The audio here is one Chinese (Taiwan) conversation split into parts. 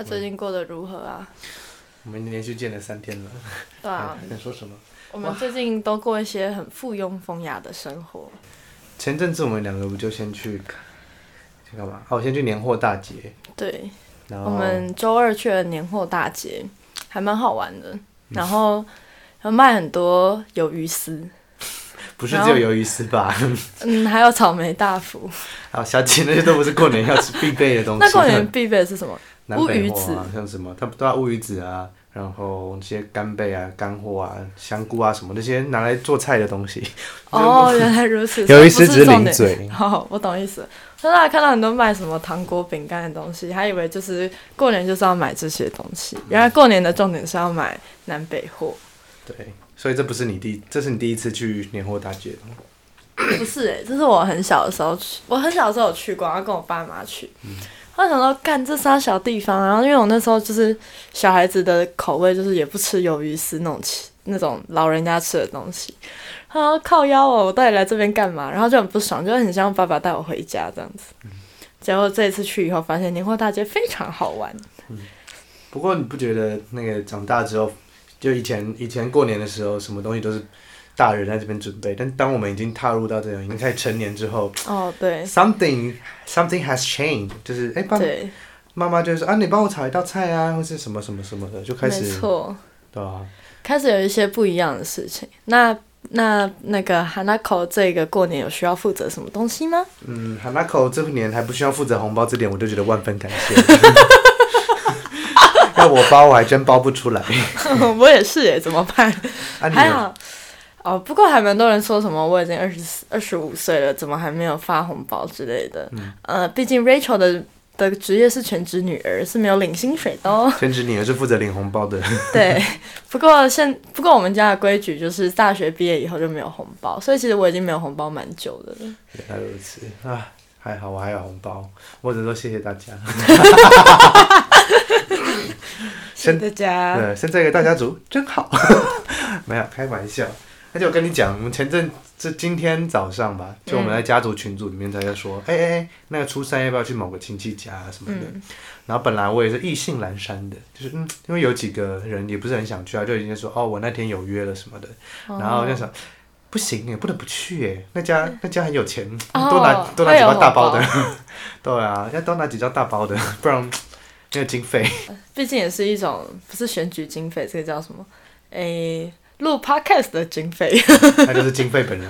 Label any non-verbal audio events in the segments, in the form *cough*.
他最近過得如何啊？我們連續見了三天了。對啊，想說什麼？我們最近都過一些很附庸風雅的生活。前陣子我們兩個不就先去先幹嘛？啊，我先去年貨大街。對。然後我們週二去了年貨大街，還蠻好玩的。然後有、嗯、賣很多魷魚絲，不是只有魷魚絲吧後？嗯，還有草莓大福。好 *laughs* 小姐，那些都不是過年要吃必備的東西。 *laughs* 那過年必備的是什麼？啊、烏魚子像什麼？他都要烏魚子啊，然後一些干貝啊、乾貨啊、香菇啊什麼那些拿來做菜的東西。哦， *laughs* 原來如此， *laughs* 有一意思。重點，哦，我懂意思。大家看到很多賣什麼糖果、餅乾的東西，還以為就是過年就是要買這些東西。嗯、原來過年的重點是要買南北貨。對，所以這不是你第，這是你第一次去年貨大街的嗎？不是、欸，哎，這是我很小的時候去，我很小的時候有去過，要跟我爸媽去。嗯我想到幹這仨小地方，啊，然後因為我那時候就是小孩子的口味，就是也不吃魷魚絲那種，那種老人家吃的東西。然後靠腰哦，我到底來這邊幹嘛？然後就很不爽，就很想爸爸帶我回家這樣子。嗯、結果這一次去以後，發現年貨大街非常好玩，嗯。不過你不覺得那個長大之後，就以前以前過年的時候，什麼東西都是。大人在這邊準備，但當我們已經踏入到這種已經開始成年之後，哦，對，something something has changed，就是哎，爸，媽媽就是說啊，你幫我炒一道菜啊，或是什麼什麼什麼的，就開始，沒錯，對開始有一些不一樣的事情。那那那個 Hanako 這個過年有需要負責什麼東西嗎？嗯，Hanako 這年還不需要負責紅包這點，我就覺得萬分感謝。要我包我還真包不出來。我也是哎，怎麼辦？還好。哦，不過還蠻多人說什麼我已經二十四、二十五歲了，怎麼還沒有發紅包之類的？嗯，呃，畢竟 Rachel 的的職業是全職女兒，是沒有領薪水的哦。全職女兒是負責領紅包的。 *laughs* 對，不過現不過我們家的規矩就是大學畢業以後就沒有紅包，所以其實我已經沒有紅包蠻久的了。原來如此啊，還好我還有紅包，我只能說謝謝大家。 *laughs* *laughs* 謝謝大家，呃，現在一個大家族真好， *laughs* 沒有開玩笑。而且我跟你講，我們前陣這今天早上吧，就我們在家族群組裡面在在說，哎哎哎，那個初三要不要去某個親戚家什麼的？嗯、然後本來我也是意興闌珊的，就是嗯，因為有幾個人也不是很想去啊，就已經說哦，我那天有約了什麼的。然後就想，哦、不行哎，也不能不去哎，那家那家很有錢，哦、多拿多拿幾包大包的，包 *laughs* 對啊，要多拿幾張大包的，不然沒有經費。畢竟也是一種不是選舉經費，這個叫什麼？哎、欸。錄 podcast 的經費，嗯，他就是經費本人。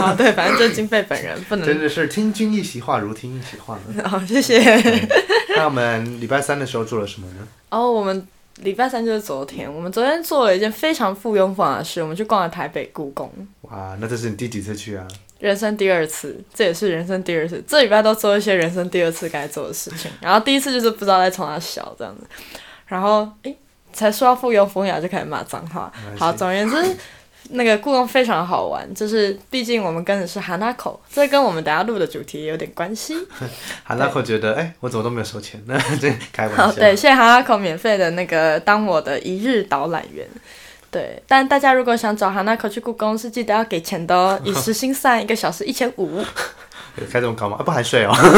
啊、 *laughs* 哦，對，反正就是經費本人，不能 *laughs* 真的是聽君一席話，如聽一席話。好、哦，謝謝。嗯、那我們禮拜三的時候做了什麼呢？哦，我們禮拜三就是昨天，我們昨天做了一件非常附庸風雅的事，我們去逛了台北故宮。哇，那這是你第幾次去啊？人生第二次，這也是人生第二次。這禮拜都做一些人生第二次該做的事情，然後第一次就是不知道在從哪笑這樣子，然後誒。欸才說到附庸風雅就開始罵髒話，好，總而言之， *laughs* 那個故宮非常好玩，就是畢竟我們跟的是 Hanako，這跟我們等下錄的主題也有點關係。 *laughs* 對 Hanako 覺得，哎、欸，我怎麼都沒有收錢呢？這開玩笑。對，謝謝 Hanako 免費的那個當我的一日導覽員。對，但大家如果想找 Hanako 去故宮，是記得要給錢的哦，以時薪算，一個小時一千五。 *laughs* 開這麼高嗎？啊、不含稅哦。 *laughs* *laughs*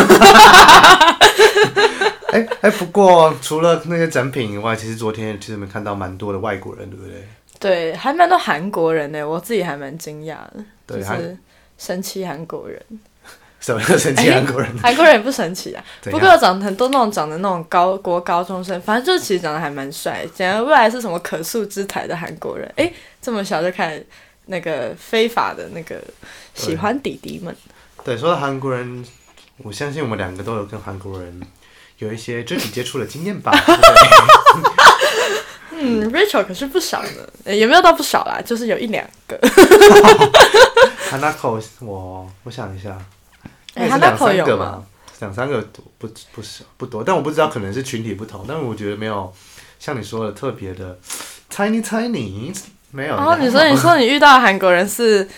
哎哎、欸欸，不過除了那些展品以外，其實昨天其實我們看到蠻多的外國人，對不對？對，還蠻多韓國人呢，我自己還蠻驚訝的，就是神奇韓國人。什麼叫神奇韓國人？欸、韓國人也不神奇啊。樣不過長很多那種長得那種高國高中生，反正就其實長得還蠻帥，講的未來是什麼可塑之才的韓國人。哎、欸，這麼小就看那個非法的那個喜歡弟弟們。對，對，說到韓國人，我相信我們兩個都有跟韓國人有一些肢體接觸的經驗吧？嗯 *laughs* ，Rachel 可是不少呢、欸，也沒有到不少啦，就是有一兩個。他那口我我想一下，哎、欸，他那口有嗎？兩三個多不不少不，不，不多，但我不知道可能是群體不同，但我覺得沒有像你說的特別的 tiny tiny 沒有。啊、oh,， *laughs* 你說你說你遇到的韓國人是？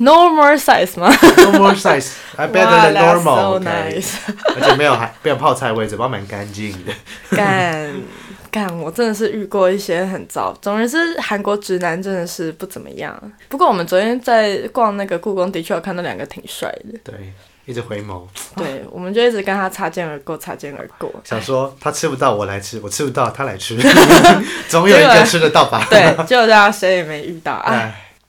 No more size 嗎？No more size，I better than normal，而且沒有還沒有泡菜味，嘴巴蠻乾淨的。乾乾，我真的是遇過一些很糟，總之是韓國直男真的是不怎麼樣。不過我們昨天在逛那個故宮，的確我看到兩個挺帥的。對，一直回眸。對，我們就一直跟他擦肩而過，擦肩而過。想說他吃不到我來吃，我吃不到他來吃，總有一個吃得到吧？對，就大家誰也沒遇到啊。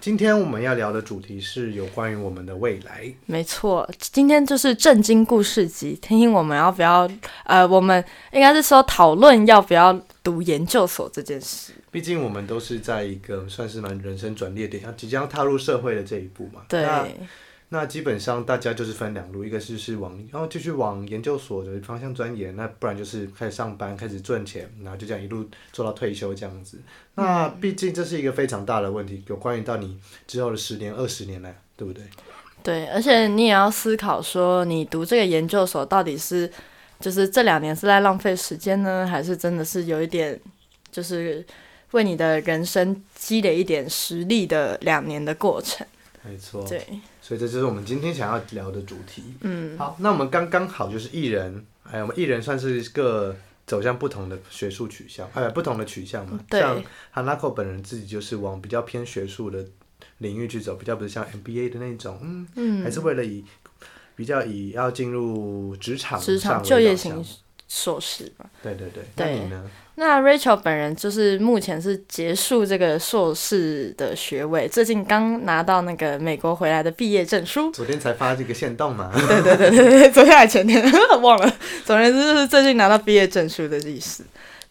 今天我們要聊的主題是有關於我們的未來。沒錯，今天就是正經故事集。聽聽我們要不要？呃，我們應該是說討論要不要讀研究所這件事。畢竟我們都是在一個算是蠻人生轉捩點，要即將踏入社會的這一步嘛。對。那基本上大家就是分兩路，一個是是往，然、哦、然後繼續往研究所的方向鑽研，那不然就是開始上班，開始賺錢，然後就這樣一路做到退休這樣子。那畢竟這是一個非常大的問題，有關於到你之後的十年、二十年呢，對不對？對，而且你也要思考說，你讀這個研究所到底是，就是這兩年是在浪費時間呢，還是真的是有一點，就是為你的人生積累一點實力的兩年的過程？沒錯，對。所以這就是我們今天想要聊的主題。嗯，好，那我們剛剛好就是藝人、哎，我們藝人算是一個走向不同的學術取向，哎，不同的取向嘛。對。哈拉克本人自己就是往比較偏學術的領域去走，比較不是像 MBA 的那種，嗯，嗯，還是為了以比較以要進入職場上、職場就業型碩士吧。對對對。對。那你呢？那 Rachel 本人就是目前是結束這個碩士的學位，最近剛拿到那個美國回來的畢業證書，昨天才發這個限動嘛？對 *laughs* 對對對對，昨天還前天忘了。總而言之就是最近拿到畢業證書的意思。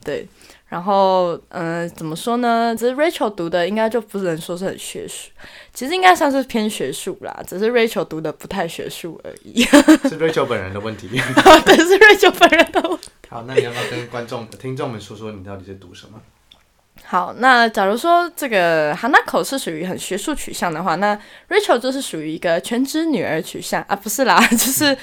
對。然後，嗯、呃，怎麼說呢？只是 Rachel 讀的應該就不能說是很學術，其實應該算是偏學術啦。只是 Rachel 讀的不太學術而已。 *laughs* 是 Rachel 本人的問題。對、 *laughs* 啊，是 Rachel 本人的。問好，那你要不要跟觀眾、 *laughs* 聽眾們說說你到底在讀什麼？好，那假如說這個 Hanako 是屬於很學術取向的話，那 Rachel 就是屬於一個全職女兒取向啊，不是啦，就是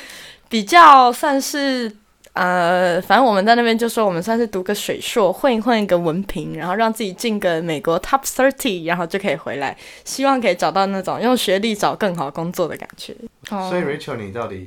比較算是、嗯、呃，反正我們在那邊就說，我們算是讀個水碩，混一混一個文憑，然後讓自己進個美國 Top Thirty，然後就可以回來，希望可以找到那種用學歷找更好工作的感覺。所以 Rachel，你到底？Oh.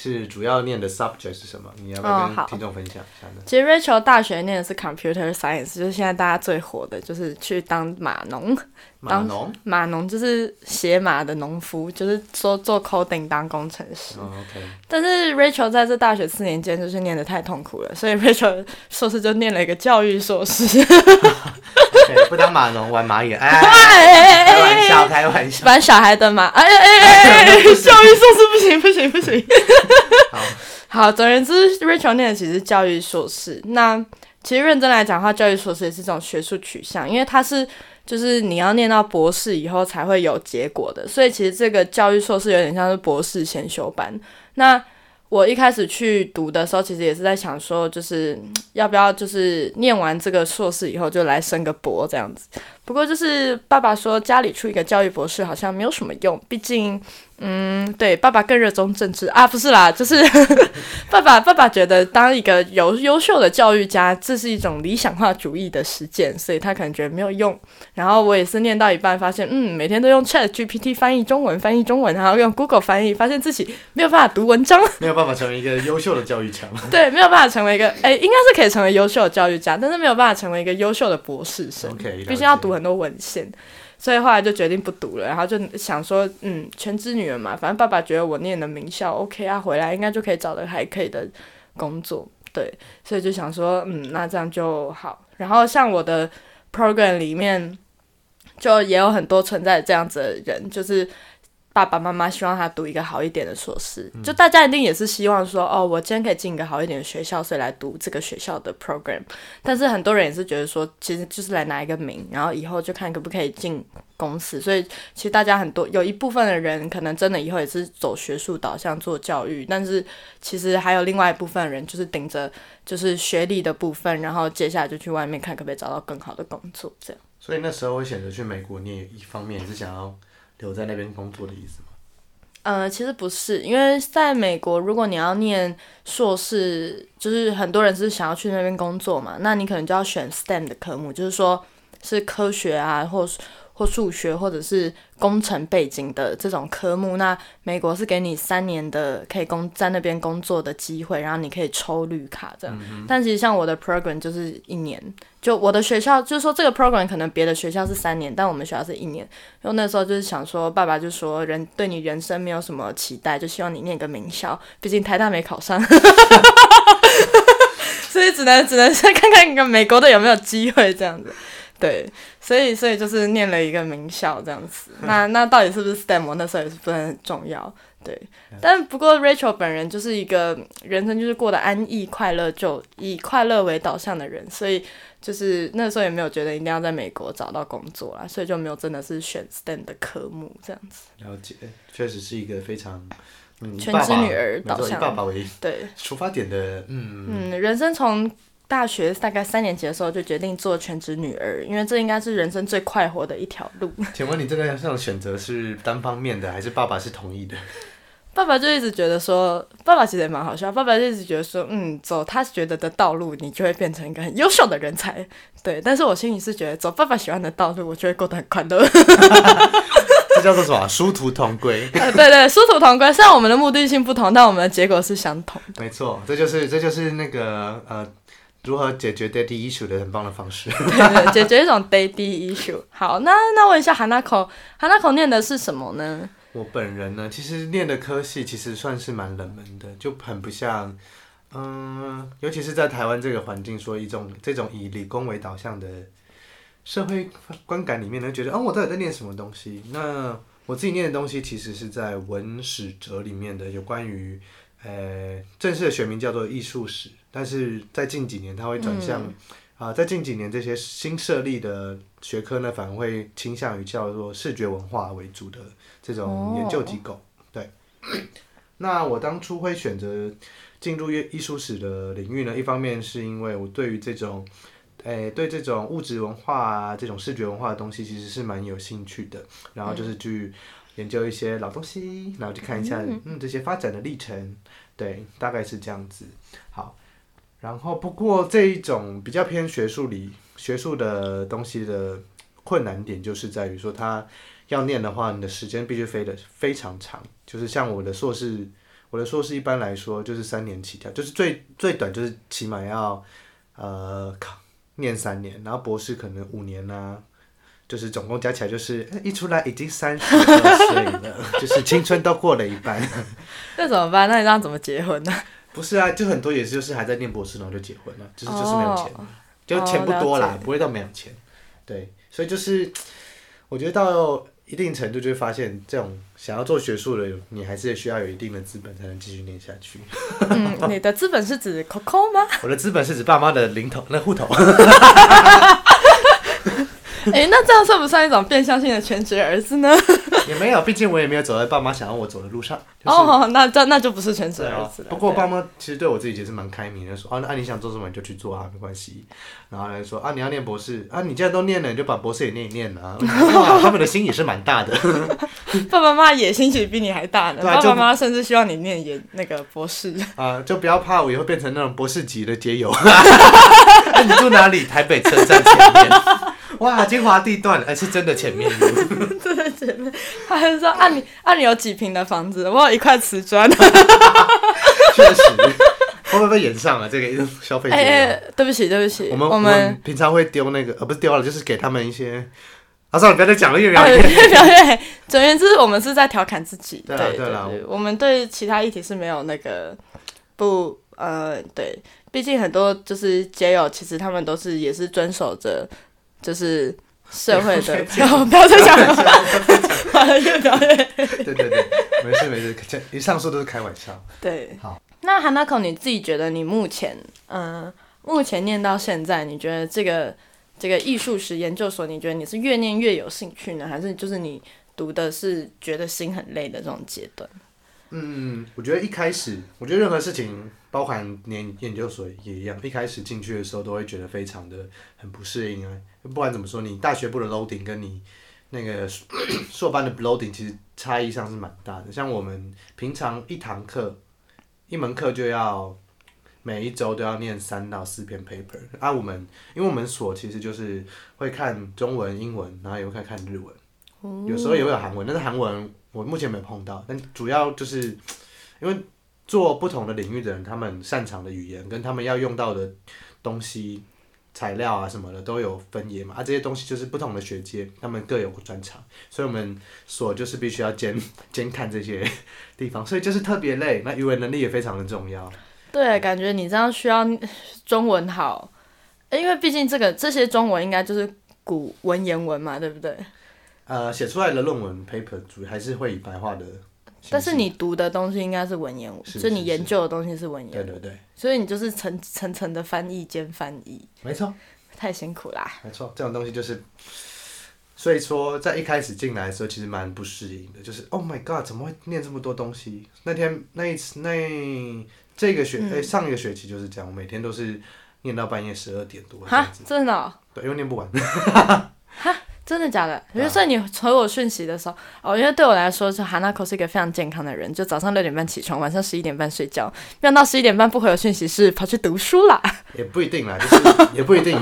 是主要念的 subject 是什麼？你要不要跟聽眾分享一下、哦、其實 Rachel 大學念的是 computer science，就是現在大家最火的，就是去當碼農。碼農農，碼農就是寫碼的農夫，就是說做，做 coding 當工程師。哦、OK。但是 Rachel 在這大學四年間就是念得太痛苦了，所以 Rachel 碩士就念了一個教育碩士。 *laughs* *laughs* okay，不當碼農，玩螞蟻。哎！開玩笑，開玩笑！玩小孩的馬，哎哎哎，哎，哎，哎！ *laughs* 教育碩士不行，不行，不行！ *laughs* 好好，總而言之，Rachel 念的其實教育碩士。那其實認真來講的話，教育碩士也是一種學術取向，因為它是就是你要念到博士以後才會有結果的。所以其實這個教育碩士有點像是博士先修班。那我一開始去讀的時候，其實也是在想說，就是要不要就是念完這個碩士以後，就來升個博這樣子。不過就是爸爸說，家裡出一個教育博士好像沒有什麼用，畢竟嗯，對爸爸更熱衷政治啊，不是啦，就是 *laughs* 爸爸爸爸覺得當一個有優秀的教育家，這是一種理想化主義的實踐，所以他感覺沒有用。然後我也是念到一半發現嗯，每天都用 Chat GPT 翻譯中文翻譯中文，然後用 Google 翻譯，發現自己沒有辦法讀文章，沒有辦法成為一個優秀的教育家。 *laughs* 對，沒有辦法成為一個哎，應該是可以成為優秀的教育家，但是沒有辦法成為一個優秀的博士生，okay, 畢竟要讀很。很多文獻，所以後來就決定不讀了，然後就想說，嗯，全職女兒嘛，反正爸爸覺得我念的名校 OK 啊，回來應該就可以找到還可以的工作，對，所以就想說，嗯，那這樣就好。然後像我的 program 裡面，就也有很多存在這樣子的人，就是。爸爸媽媽希望他讀一個好一點的碩士，嗯、就大家一定也是希望說，哦，我今天可以進一個好一點的學校，所以來讀這個學校的 program。但是很多人也是覺得說，其實就是來拿一個名，然後以後就看可不可以進公司。所以其實大家很多有一部分的人可能真的以後也是走學術導向做教育，但是其實還有另外一部分的人就是頂着就是學歷的部分，然後接下來就去外面看可不可以找到更好的工作，這樣。所以那時候我選擇去美國，你也一方面也是想要。留在那邊工作的意思嗎？呃，其實不是，因為在美國，如果你要念碩士，就是很多人是想要去那邊工作嘛，那你可能就要選 STEM 的科目，就是說，是科學啊，或是。或數學或者是工程背景的這種科目，那美國是給你三年的可以工在那邊工作的機會，然後你可以抽綠卡這樣。嗯、哼但其實像我的 program 就是一年，就我的學校就是說這個 program 可能別的學校是三年，但我們學校是一年。就那時候就是想說，爸爸就說人對你人生沒有什麼期待，就希望你念個名校，畢竟台大沒考上， *laughs* *laughs* *laughs* 所以只能只能先看看一個美國的有沒有機會這樣子。對，所以所以就是念了一個名校這樣子，呵呵，那那到底是不是 STEM？我那時候也是不是很重要，對。嗯、但不過 Rachel 本人就是一個人生就是過得安逸、快樂，就以快樂為導向的人，所以就是那時候也沒有覺得一定要在美國找到工作啦，所以就沒有真的是選 STEM 的科目這樣子。了解，確實是一個非常嗯，全職女兒導向，對，以爸爸為出發點的嗯嗯，嗯，嗯，人生從。大學大概三年級的時候就決定做全職女兒，因為這應該是人生最快活的一條路。請問你這個上選擇是單方面的，還是爸爸是同意的？爸爸就一直覺得說，爸爸其實也蠻好笑。爸爸就一直覺得說，嗯，走他覺得的道路，你就會變成一個很優秀的人才。對，但是我心裡是覺得，走爸爸喜歡的道路，我就會過得很快樂。 *laughs* *laughs* 這叫做什麼？殊途同歸。 *laughs* 呃，對對，殊途同歸。雖然我們的目的性不同，但我們的結果是相同的。沒錯，這就是這就是那個呃。如何解決 daddy issue 的很棒的方式？對，對對， *laughs* 解決一種 daddy issue。好，那那問一下 Hanako，Hanako 念的是什麼呢？我本人呢，其實念的科系其實算是蠻冷門的，就很不像，嗯、呃，尤其是在台灣這個環境，說一種這種以理工為導向的社會觀感裡面呢，覺得，哦，我到底在念什麼東西？那我自己念的東西其實是在文史哲裡面的，有關於，呃，正式的學名叫做藝術史。但是在近幾年，它會轉向，啊、嗯呃，在近幾年這些新設立的學科呢，反而會傾向於叫做視覺文化為主的這種研究機構。哦、對， *coughs* 那我當初會選擇進入藝術史的領域呢，一方面是因為我對於這種，誒、欸，對這種物質文化啊，這種視覺文化的東西其實是蠻有興趣的。然後就是去研究一些老東西，然後去看一下，嗯，嗯，這些發展的歷程，對，大概是這樣子。好。然後，不過這一種比較偏學術裡學術的東西的困難點，就是在於說，他要念的話，你的時間必須飛得非常長。就是像我的碩士，我的碩士一般來說就是三年起跳，就是最最短就是起碼要呃，考念三年，然後博士可能五年呢、啊，就是總共加起來就是一出來已經三十多歲了， *laughs* 就是青春都過了一半。那 *laughs* *laughs* 怎麼辦？那你讓怎麼結婚呢？不是啊，就很多，也是就是還在念博士，然後就結婚了，哦、就是就是沒有錢，就錢不多啦，哦、不會到沒有錢，對，所以就是，我覺得到一定程度就會發現，這種想要做學術的，你還是也需要有一定的資本才能繼續念下去。 *laughs* 嗯、你的資本是指 Coco 嗎？我的資本是指爸媽的零頭那戶頭。 *laughs* 哎、欸，那這樣算不算一種變相性的全職兒子呢？ *laughs* 也沒有，畢竟我也沒有走在爸媽想要我走的路上。哦、就是，那這那就不是全職兒子了。啊啊、不過爸媽其實對我自己也是蠻開明的，說啊，那、啊、你想做什麼就去做啊，沒關係。然後他就說啊，你要念博士啊，你既然都念了，你就把博士也念一念啊。 *laughs* 他們的心也是蠻大的， *laughs* *laughs* 爸爸媽媽野心其實比你還大呢。爸、 *laughs* 啊、爸媽甚至希望你念研那個博士啊、呃，就不要怕我以後變成那種博士級的街友。哎、 *laughs* *laughs* 欸，你住哪裡？台北車站前面。 *laughs* 哇，精華地段還、欸、是真的前面是不是？ *laughs* 真的前面，他還說：“按、啊、你啊你有幾坪的房子？我有一塊瓷磚。 *laughs* ”確 *laughs* 實，我會不會演上了、啊、這個消費者？哎、欸欸欸，對不起，對不起，我們我們，我們平常會丟那個，呃，不是丟了，就是給他們一些。他、啊、說：“你不要再講了，越講越……越講越……總而言之，我們是在調侃自己。”對對對，我們對其他議題是沒有那個不呃對，畢竟很多就是街友，其實他們都是也是遵守着。就是社會的 *laughs* 不，不要再講了。好了， *laughs* 又講了。對對對，沒事沒事，你上述都是開玩笑。對，好。那 Hanako，你自己覺得你目前，嗯、呃，目前念到現在，你覺得這個這個藝術史研究所，你覺得你是越念越有興趣呢，還是就是你讀的是覺得心很累的這種階段？嗯，我覺得一開始，我覺得任何事情，包含研研究所也一樣，一開始進去的時候都會覺得非常的很不適應啊。不管怎麼說，你大學部的 loading 跟你那個碩 *coughs* 班的 loading 其實差異上是蠻大的。像我們平常一堂課，一門課就要每一周都要念三到四篇 paper 啊。我們因為我們所其實就是會看中文、英文，然後也會看看日文，有時候也會有韓文，嗯、但是韓文。我目前沒有碰到，但主要就是，因為做不同的領域的人，他們擅長的語言跟他們要用到的東西、材料啊什麼的都有分野嘛。啊，這些東西就是不同的學界，他們各有專長，所以我們所就是必須要兼兼看這些地方，所以就是特別累。那語文能力也非常的重要。對，感覺你這樣需要中文好，因為畢竟這個這些中文應該就是古文言文嘛，對不對？呃，寫出來的論文、嗯、paper 主還是會以白話的，但是你讀的東西應該是文言文，所以你研究的東西是文言，對對對，所以你就是層層層的翻譯兼翻譯，沒錯，太辛苦啦，沒錯，這種東西就是，所以說在一開始進來的時候，其實蠻不適應的，就是 Oh my God，怎麼會念這麼多東西？那天那一次那，一那一這個學哎、嗯、欸，上一個學期就是這樣，我每天都是念到半夜十二點多，哈，真的、哦，對，因為念不完。 *laughs* 哈真的假的？就說你回我訊息的時候，啊、哦，因為對我來說，就哈娜 n 是一個非常健康的人，就早上六點半起床，晚上十一點半睡覺，不到十一點半不回我訊息，是跑去讀書了？也不一定啦，就是也不一定。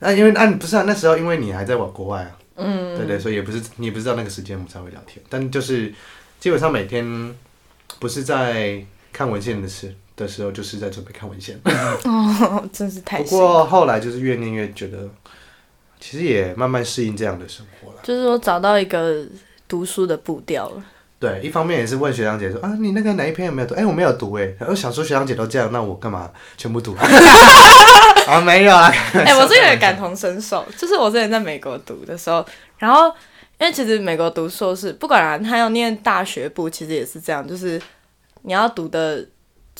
那、 *laughs* 啊、因為那、啊、不是啊，那時候因為你還在我國外啊，嗯，對，對對，所以也不是你不知道那個時間我們才會聊天，但就是基本上每天不是在看文獻的時的時候，就是在準備看文獻。哦，真是太。不過後來就是越念越覺得。其實也慢慢適應這樣的生活了，就是說找到一個讀書的步調了。對，一方面也是問學長姐說啊，你那個哪一篇有沒有讀？哎、欸，我沒有讀哎、欸。然後想說學長姐都這樣，那我幹嘛全部讀？啊、 *laughs* *laughs* 哦，沒有啊。哎、 *laughs* 欸，我是有點感同身受， *laughs* 就是我之前在美國讀的時候，然後因為其實美國讀碩士，不管他要念大學部，其實也是這樣，就是你要讀的。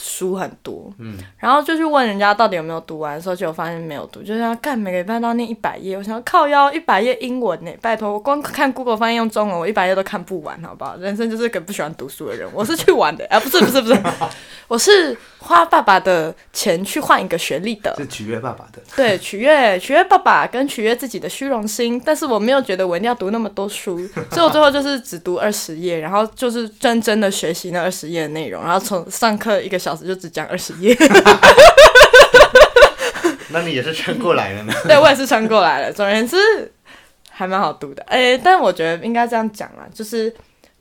書很多，嗯，然後就去問人家到底有沒有讀完的時候，結果發現沒有讀，就是要看每個禮拜要念一百頁，我想要靠腰一百頁英文呢，拜託，我光看 Google 翻譯用中文，我一百頁都看不完，好不好？人生就是個不喜歡讀書的人，我是去玩的啊、 *laughs* 哎，不是不是不是， *laughs* 我是花爸爸的錢去換一個學歷的，是取悅爸爸的，對，取悅取悅爸爸跟取悅自己的虛榮心，但是我沒有覺得我一定要讀那麼多書，所以我最後就是只讀二十頁，然後就是真正的學習那二十頁的內容，然後從上課一個。小時就只講二十頁，那你也是穿過來的呢？ *laughs* 對，我也是穿過來的。總而言之，還蠻好讀的。哎、欸，但我覺得應該這樣講啦，就是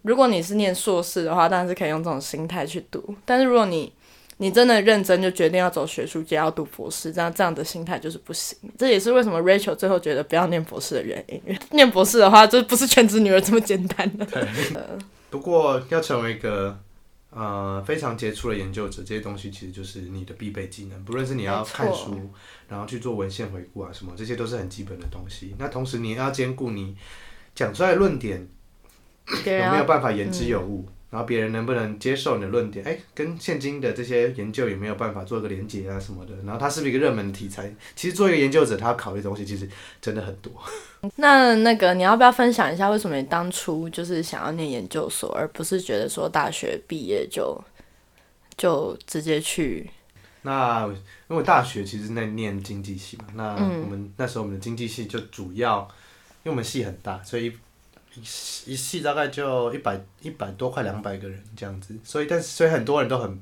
如果你是念碩士的話，當然是可以用這種心態去讀。但是如果你你真的認真就決定要走學術界要讀博士，這樣這樣的心態就是不行。這也是為什麼 Rachel 最後覺得不要念博士的原因。因為念博士的話，就不是全職女兒這麼簡單的。對，不過要成為一個。呃，非常傑出的研究者，這些東西其實就是你的必備技能。不論是你要看書，沒錯。然後去做文獻回顧啊什麼，這些都是很基本的東西。那同時，你也要兼顧你講出來的論點 *coughs* 有沒有辦法言之有物。嗯然後別人能不能接受你的論點？哎，跟現今的這些研究有沒有辦法做個連結啊什麼的？然後它是不是一個熱門的題材？其實做一個研究者，他要考慮的東西其實真的很多。那那個你要不要分享一下，為什麼你當初就是想要念研究所，而不是覺得說大學畢業就就直接去？那因為大學其實在念經濟系嘛，那我們那時候我們的經濟系就主要，因為我們系很大，所以。一系大概就一百一百多塊兩百個人這樣子，所以但是所以很多人都很，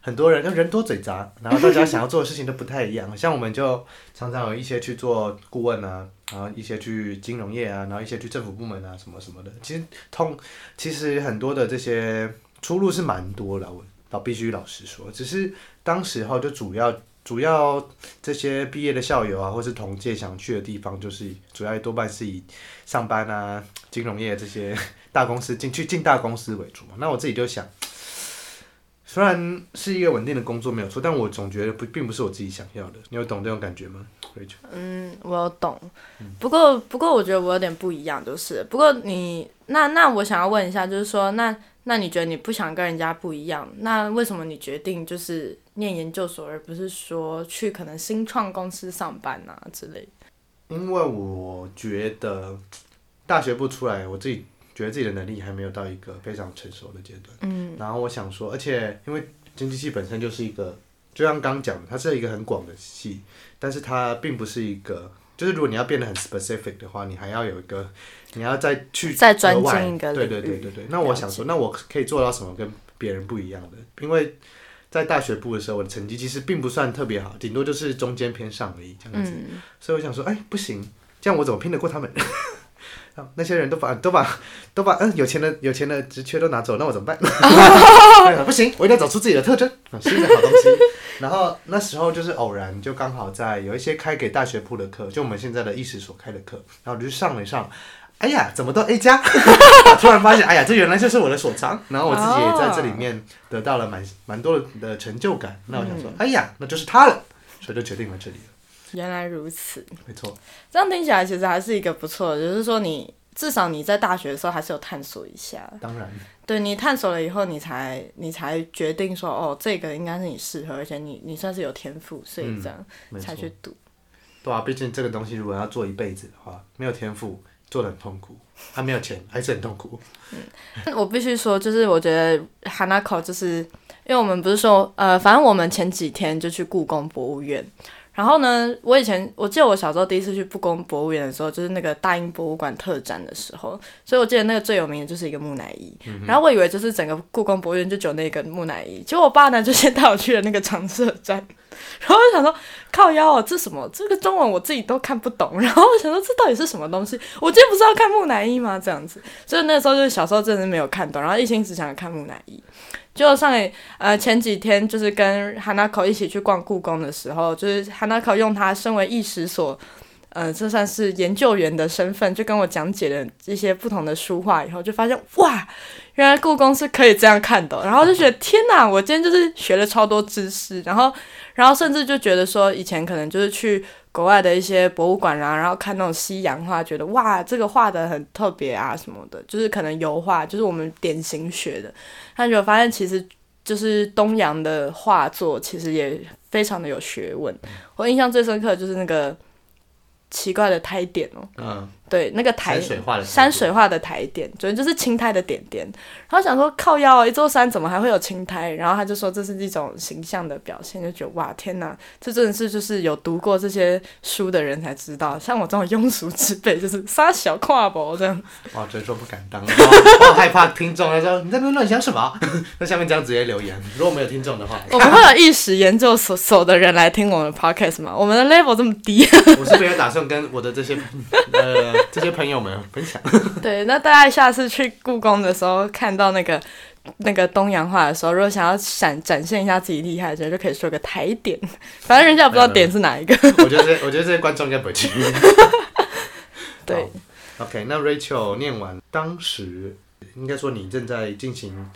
很多人就人多嘴雜，然後大家想要做的事情都不太一樣， *laughs* 像我們就常常有一些去做顧問啊，然後一些去金融業啊，然後一些去政府部門啊什麼什麼的，其實通其實很多的這些出路是蠻多的，我必須老實說，只是當時候就主要。主要這些畢業的校友啊，或是同屆想去的地方，就是主要多半是以上班啊、金融業這些大公司進去進大公司為主嘛。那我自己就想，雖然是一個穩定的工作沒有錯，但我總覺得不並不是我自己想要的。你有懂這種感覺嗎？嗯，我有懂、嗯不。不過不過，我覺得我有點不一樣，就是不過你那那我想要問一下，就是說那。那你覺得你不想跟人家不一樣，那為什麼你決定就是念研究所，而不是說去可能新創公司上班啊之類的？因為我覺得大學部出來，我自己覺得自己的能力還沒有到一個非常成熟的階段。嗯。然後我想說，而且因為經濟系本身就是一個，就像剛講的，它是一個很廣的系，但是它並不是一個，就是如果你要變得很 specific 的話，你還要有一個。你要再去再鑽進一個領域，對對對對對。那我想說，那我可以做到什麼跟別人不一樣的？因為在大學部的時候，我的成績其實並不算特別好，頂多就是中間偏上而已這樣子。嗯、所以我想說，哎、欸，不行，這樣我怎麼拼得過他們？ *laughs* 那些人都把都把都把嗯有錢的有錢的職缺都拿走，那我怎麼辦？ *laughs* *laughs* *laughs* 不行，我一定要找出自己的特徵，是一個好東西。 *laughs* 然後那時候就是偶然，就剛好在有一些開給大學部的課，就我們現在的意識所開的課，然後就上了一上。哎呀，怎麼都 A 加？ *laughs* 突然發現，哎呀，這原來就是我的所長。然後我自己也在這裡面得到了蠻蠻多的成就感。那我想說，嗯、哎呀，那就是他了，所以就決定了這裡了。原來如此，沒錯。這樣聽起來其實還是一個不錯的，就是說你至少你在大學的時候還是有探索一下。當然，對你探索了以後，你才你才決定說，哦，這個應該是你適合，而且你你算是有天賦，所以這樣才去讀。嗯、對啊，畢竟這個東西如果要做一輩子的話，沒有天賦，做得很痛苦，他、啊、沒有錢，還是很痛苦。嗯，我必須說，就是我覺得哈娜口，就是因為我們不是說，呃，反正我們前幾天就去故宮博物院。然後呢，我以前我記得我小時候第一次去故宮博物院的時候，就是那個大英博物館特展的時候，所以我記得那個最有名的就是一個木乃伊。嗯、哼然後我以為就是整個故宮博物院就只有那個木乃伊，結果我爸呢就先帶我去了那個常設展，然後就想說靠腰啊、哦，這什麼？這個中文我自己都看不懂。然後我想說這到底是什麼東西？我今天不是要看木乃伊嗎？這樣子，所以那個時候就是小時候真的是沒有看懂，然後一心只想看木乃伊。就上呃前幾天就是跟 Hanako 一起去逛故宮的時候，就是 Hanako 用他身為藝史所，呃，這算是研究員的身份，就跟我講解了一些不同的書畫，以後就發現哇，原來故宮是可以這樣看的，然後就覺得天哪，我今天就是學了超多知識，然後然後甚至就覺得說以前可能就是去。國外的一些博物館啦、啊，然後看那種西洋畫，覺得哇，這個畫得很特別啊，什麼的，就是可能油畫，就是我們典型學的。但結果發現，其實就是東洋的畫作，其實也非常的有學問。我印象最深刻的就是那個奇怪的苔點哦、喔。嗯對，那個苔山水畫的,的苔點，主要就是青苔的點點。然後想說靠腰一座山怎麼還會有青苔？然後他就說這是一種形象的表現，就覺得哇天哪，這真的是就是有讀過這些書的人才知道。像我這種庸俗之輩就是三小跨博這樣。哇，真說不敢當，我、哦、害、 *laughs* 哦、怕聽眾。他說你在那邊亂想什麼？ *laughs* 那下面這樣直接留言。如果沒有聽眾的話，我們會有意識研究所,所的人來聽我們的 podcast 嗎？我們的 level 這麼低， *laughs* 我是沒有打算跟我的這些呃。 *laughs* 這些朋友們分享。 *laughs* 對，那大家下次去故宮的時候，看到那個那個東洋畫的時候，如果想要展展現一下自己厲害的時候，就可以說個台點，反正人家也不知道點是哪一個。 *laughs* 我覺得這，我覺得這些觀眾應該不會去。 *laughs* *laughs* 對，OK，那 Rachel 念完，當時應該說你正在進行。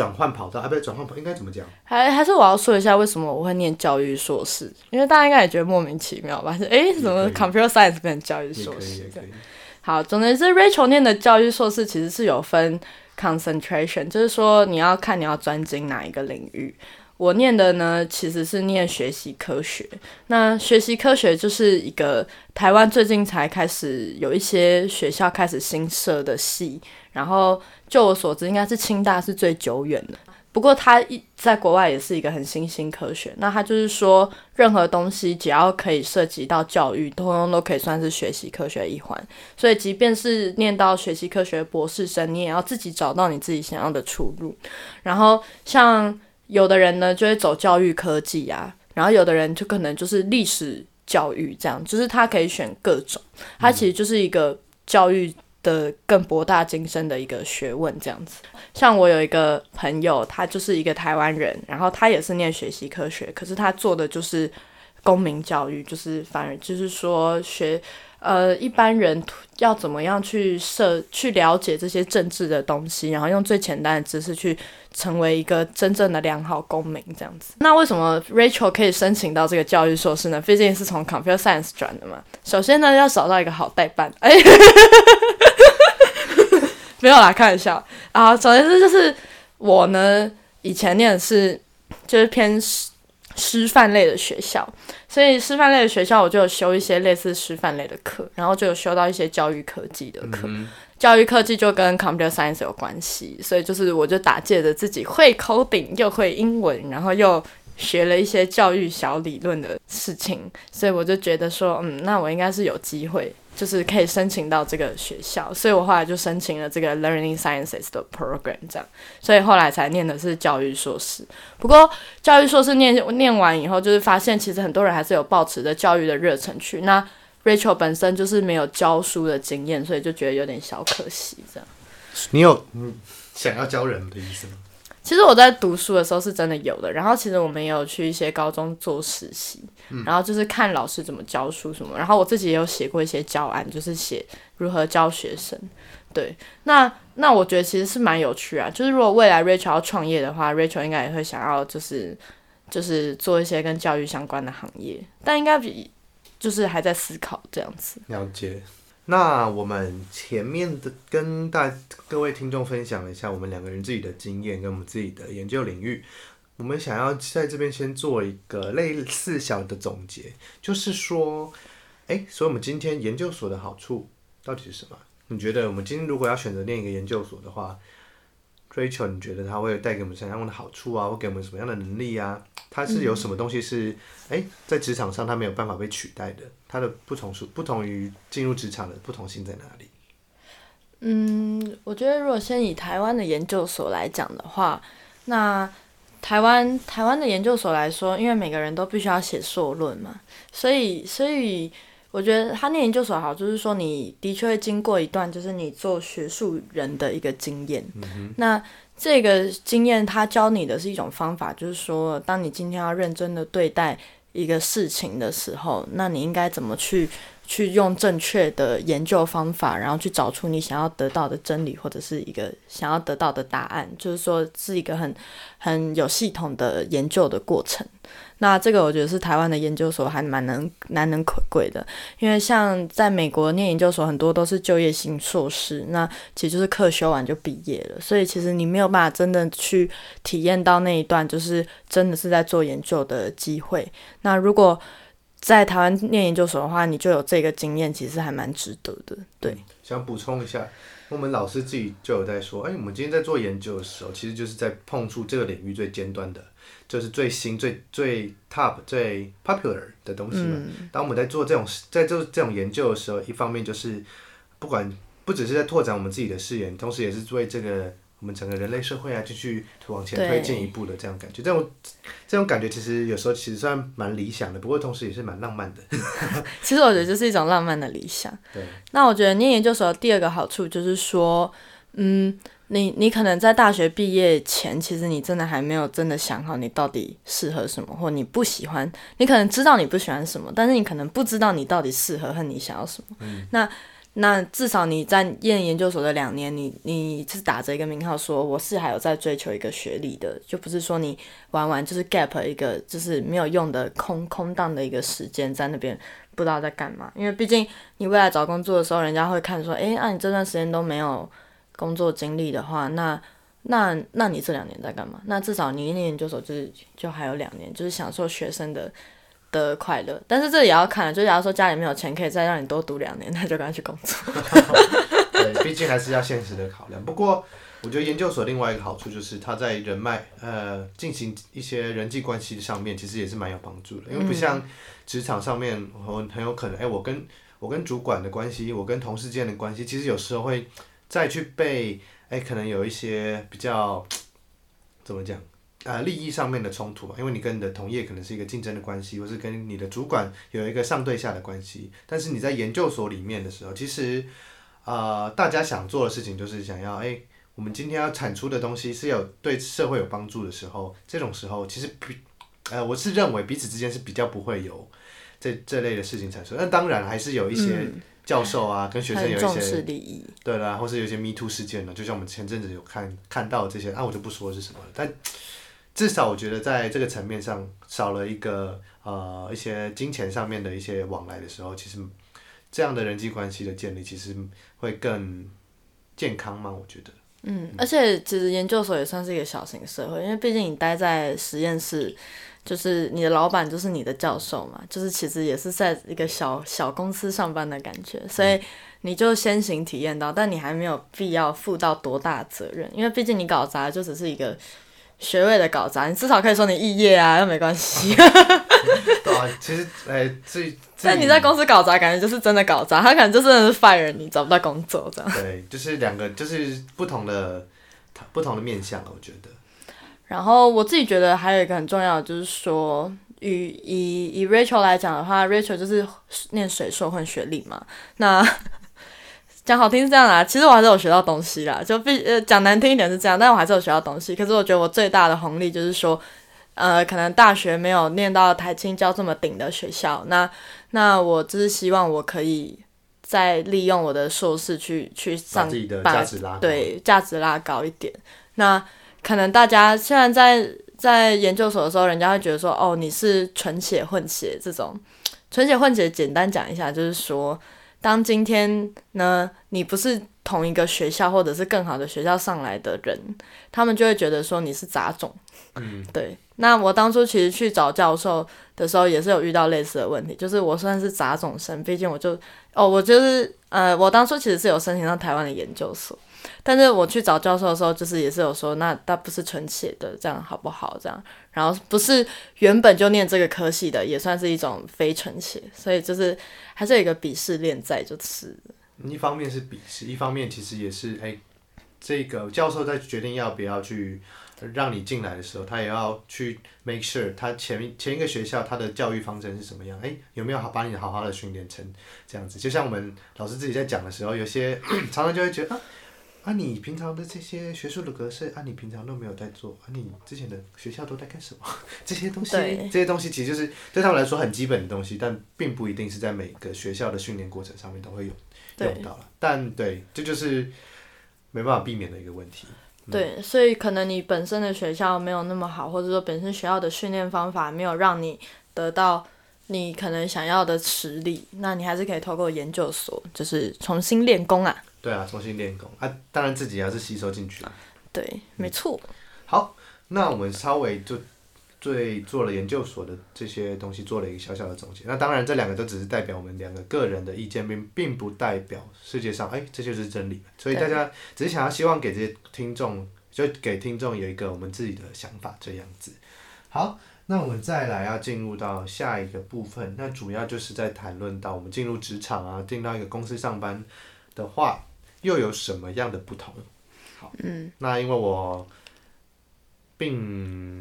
轉換跑道，還不是轉換，應該怎麼講？還還是我要說一下為什麼我會念教育碩士？因為大家應該也覺得莫名其妙吧？是、欸、哎，怎麼 computer science 跟教育碩士？好，總之是 Rachel 念的教育碩士，其實是有分 concentration，就是說你要看你要專精哪一個領域。我念的呢，其實是念學習科學。那學習科學就是一個台灣最近才開始有一些學校開始新設的系，然後。就我所知，應該是清大是最久遠的。不過它一在國外也是一個很新興科學。那它就是說，任何東西只要可以涉及到教育，通通都可以算是學習科學一環。所以即便是念到學習科學博士生，你也要自己找到你自己想要的出路。然後像有的人呢，就會走教育科技啊；然後有的人就可能就是歷史教育這樣，就是他可以選各種。他其實就是一個教育的更博大精深的一個學問，這樣子。像我有一個朋友，他就是一個台灣人，然後他也是念學習科學，可是，他做的就是公民教育，就是反而就是說學呃一般人要怎麼樣去設去了解這些政治的東西，然後用最簡單的知識去成為一個真正的良好公民這樣子。那為什麼 Rachel 可以申請到這個教育碩士呢？畢竟是從 Computer Science 轉的嘛。首先呢，要找到一個好代辦。哎。 *laughs* 沒有啦，開玩笑啊！總而言之，就是我呢，以前念的是就是偏師師範類的學校，所以師範類的學校我就有修一些類似師範類的課，然後就有修到一些教育科技的課。嗯、教育科技就跟 computer science 有關係，所以就是我就打借着自己會 coding 又會英文，然後又學了一些教育小理論的事情，所以我就覺得說，嗯，那我應該是有機會。就是可以申請到這個學校，所以我後來就申請了這個 Learning Sciences 的 program，這樣，所以後來才念的是教育碩士。不過教育碩士念念完以後，就是發現其實很多人還是有抱持著教育的熱忱去。那 Rachel 本身就是沒有教書的經驗，所以就覺得有點小可惜。這樣，你有想要教人的意思嗎？其實我在讀書的時候是真的有的，然後其實我們也有去一些高中做實習，然後就是看老師怎麼教書什麼，然後我自己也有寫過一些教案，就是寫如何教學生。對，那那我覺得其實是蠻有趣啊。就是如果未來 Rachel 要創業的話，Rachel 應該也會想要就是就是做一些跟教育相關的行業，但應該比就是還在思考這樣子。了解。那我們前面的跟大各位聽眾分享了一下我們兩個人自己的經驗跟我們自己的研究領域，我們想要在這邊先做一個類似小的總結，就是說，哎，所以我們今天研究所的好處到底是什麼？你覺得我們今天如果要選擇另一個研究所的話？追求你覺得它會帶給我們什麼樣的好處啊？會給我們什麼樣的能力啊？它是有什麼東西是哎、嗯、欸，在職場上它沒有辦法被取代的？它的不同處不同於進入職場的不同性在哪裡？嗯，我覺得如果先以台灣的研究所來講的話，那台灣台灣的研究所來說，因為每個人都必須要寫碩論嘛，所以所以。我覺得他念研究所好，就是說你的確會經過一段，就是你做學術人的一個經驗。嗯哼。那這個經驗，他教你的是一種方法，就是說，當你今天要認真的對待一個事情的時候，那你應該怎麼去去用正確的研究方法，然後去找出你想要得到的真理，或者是一個想要得到的答案，就是說是一個很很有系統的研究的過程。那這個我覺得是台灣的研究所還蠻難難能可貴的，因為像在美國念研究所，很多都是就業型碩士，那其實就是課修完就畢業了，所以其實你沒有辦法真的去體驗到那一段就是真的是在做研究的機會。那如果在台灣念研究所的話，你就有這個經驗，其實還蠻值得的。對，嗯、想補充一下，我們老師自己就有在說，哎、欸，我們今天在做研究的時候，其實就是在碰觸這個領域最尖端的。就是最新、最最 top、最 popular 的東西嘛。嗯、當我們在做這種，在做這種研究的時候，一方面就是不管不只是在拓展我們自己的視野，同時也是為這個我們整個人類社會啊，繼續往前推進一步的這樣感覺。對這種這種感覺其實有時候其實算蠻理想的，不過同時也是蠻浪漫的。 *laughs* 其實我覺得這是一種浪漫的理想。對。那我覺得念研究所的第二個好處就是說，嗯。你你可能在大學畢業前，其實你真的還沒有真的想好你到底適合什麼，或你不喜歡。你可能知道你不喜歡什麼，但是你可能不知道你到底適合和你想要什麼。嗯、那那至少你在念研，研究所的兩年，你你是打着一個名號說，說我是還有在追求一個學歷的，就不是說你玩玩就是 gap 一個就是沒有用的空空蕩的一個時間在那邊不知道在幹嘛，因為畢竟你未來找工作的時候，人家會看說，哎、欸，那、啊、你這段時間都沒有，工作經歷的話，那那那你這兩年在幹嘛？那至少你念研究所就是就還有兩年，就是享受學生的的快樂。但是這也要看，就假如說家裡沒有錢，可以再讓你多讀兩年，那就趕緊去工作。 *laughs* *laughs* 對，畢竟還是要現實的考量。不過我覺得研究所另外一個好處就是，它在人脈呃進行一些人際關係上面，其實也是蠻有幫助的。因為不像職場上面，嗯、我很有可能，哎、欸，我跟我跟主管的關係，我跟同事間的關係，其實有時候會。再去被哎，可能有一些比較怎麼講啊、呃，利益上面的衝突吧、啊。因為你跟你的同業可能是一個競爭的關係，或是跟你的主管有一個上對下的關係。但是你在研究所裡面的時候，其實啊、呃，大家想做的事情就是想要哎，我們今天要產出的東西是有對社會有幫助的時候，這種時候其實比、呃、我是認為彼此之間是比較不會有這這類的事情產生。那當然還是有一些。嗯教授啊，跟學生有一些利益。對啦，或是有一些 me too 事件呢，啊，就像我們前陣子有看看到這些，啊，我就不說是什麼了。但至少我覺得在這個層面上，少了一個呃一些金錢上面的一些往來的時候，其實這樣的人際關係的建立，其實會更健康嗎？我覺得。嗯，而且其實研究所也算是一個小型社會，因為畢竟你待在實驗室，就是你的老闆就是你的教授嘛，就是其實也是在一個小小公司上班的感覺，所以你就先行體驗到，嗯、但你還沒有必要負到多大責任，因為畢竟你搞砸就只是一個。學位的搞砸，你至少可以說你肄業啊，又沒關係。哦，其實自己，那你在公司搞砸，感覺就是真的搞砸，他可能就真的是 fire 你，找不到工作這樣。對，就是兩個，就是不同的不同的面向，我覺得。然後我自己覺得還有一個很重要的，就是說，以以以 Rachel 來講的話，Rachel 就是念水碩混學歷嘛，那。 *laughs* 講好聽是這樣啦、啊，其實我還是有學到東西啦，就必呃講難聽一點是這樣，但我還是有學到東西。可是我覺得我最大的紅利就是說，呃，可能大學沒有念到台清交這麼頂的學校，那那我就是希望我可以再利用我的碩士去去上自己的價值對，價值拉高一點。那可能大家雖然在在研究所的時候，人家會覺得說，哦，你是純血混血這種純血混血，簡單講一下就是說。當今天呢，你不是同一個學校或者是更好的學校上來的人，他們就會覺得說你是雜種。嗯，對。那我當初其實去找教授的時候，也是有遇到類似的問題，就是我算是雜種生，畢竟我就哦，我就是。呃，我當初其實是有申請到台灣的研究所，但是我去找教授的時候，就是也是有說，那他不是純血的，這樣好不好？這樣，然後不是原本就念這個科系的，也算是一種非純血，所以就是還是有一個鄙視鏈在，就是。一方面是鄙視，一方面其實也是，哎、欸，這個教授在決定要不要去。讓你進來的時候，他也要去 make sure 他前前一個學校他的教育方針是什麼樣，誒，有沒有好把你好好的訓練成這樣子，就像我們老師自己在講的時候，有些咳咳常常就會覺得啊，啊你平常的這些學術的格式，啊你平常都沒有在做，啊你之前的學校都在幹什麼？這些東西，對這些東西其實就是對他們來說很基本的東西，但並不一定是在每個學校的訓練過程上面都會有對用到了。但對，這就，就是沒辦法避免的一個問題。對，所以可能你本身的學校沒有那麼好，或者說本身學校的訓練方法沒有讓你得到你可能想要的實力，那你還是可以透過研究所，就是重新練功啊。對啊，重新練功啊，當然自己還是吸收進去了。對，沒錯。嗯。好，那我們稍微就。最做了研究所的這些東西，做了一個小小的總結。那當然，這兩個都只是代表我們兩個個人的意見，並並不代表世界上哎，這就是真理。所以大家只是想要希望給這些聽眾，就給聽眾有一個我們自己的想法這樣子。好，那我們再來要進入到下一個部分。那主要就是在談論到我們進入職場啊，進到一個公司上班的話，又有什麼樣的不同？好，嗯，那因為我。並